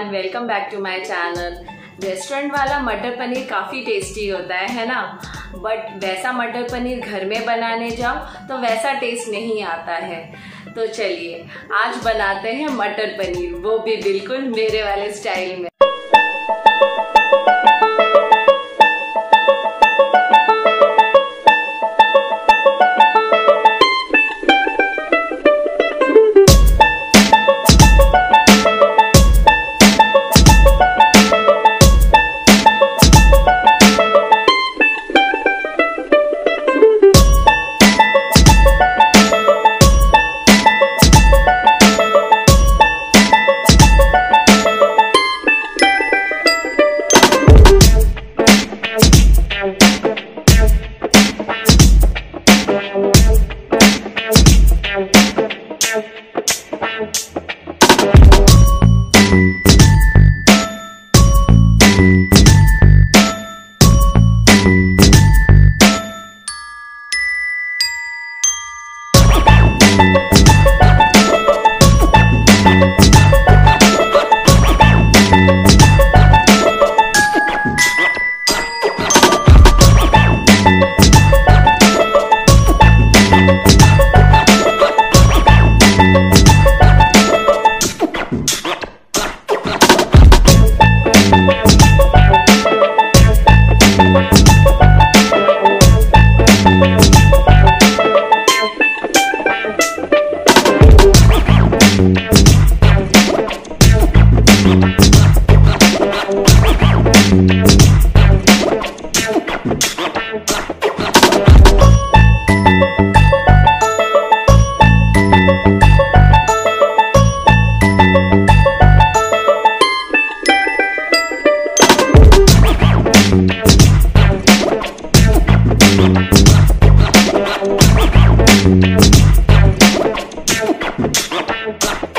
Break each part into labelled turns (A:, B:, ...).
A: And welcome back to my channel restaurant वाला मटर पनीर काफ़ी tasty होता है है ना बट वैसा मटर पनीर घर में बनाने जाओ तो वैसा टेस्ट नहीं आता है तो चलिए आज बनाते हैं मटर पनीर वो भी बिल्कुल मेरे वाले स्टाइल में
B: Thank you.
C: and black.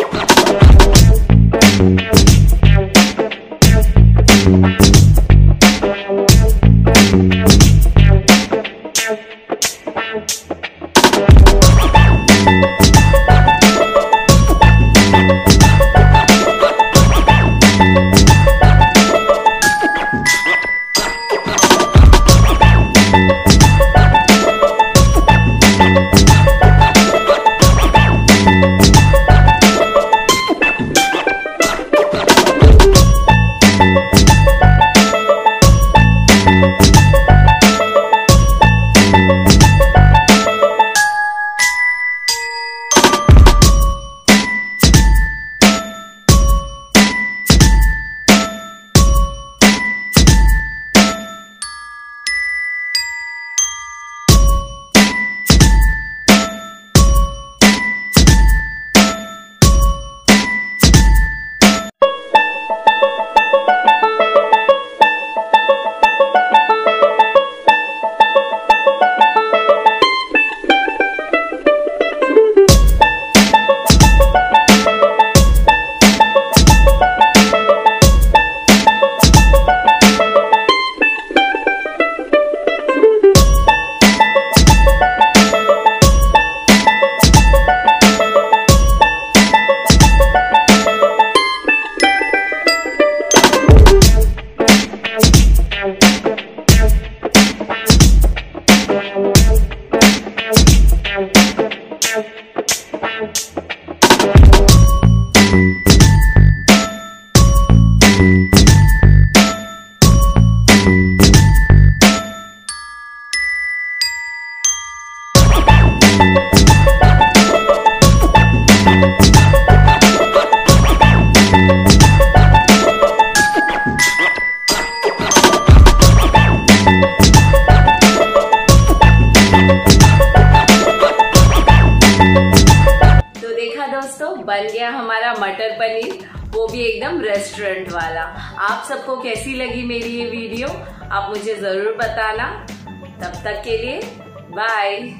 A: तो बन गया हमारा मटर पनीर वो भी एकदम रेस्टोरेंट वाला आप सबको कैसी लगी मेरी ये वीडियो आप मुझे ज़रूर बताना तब तक के लिए Bye.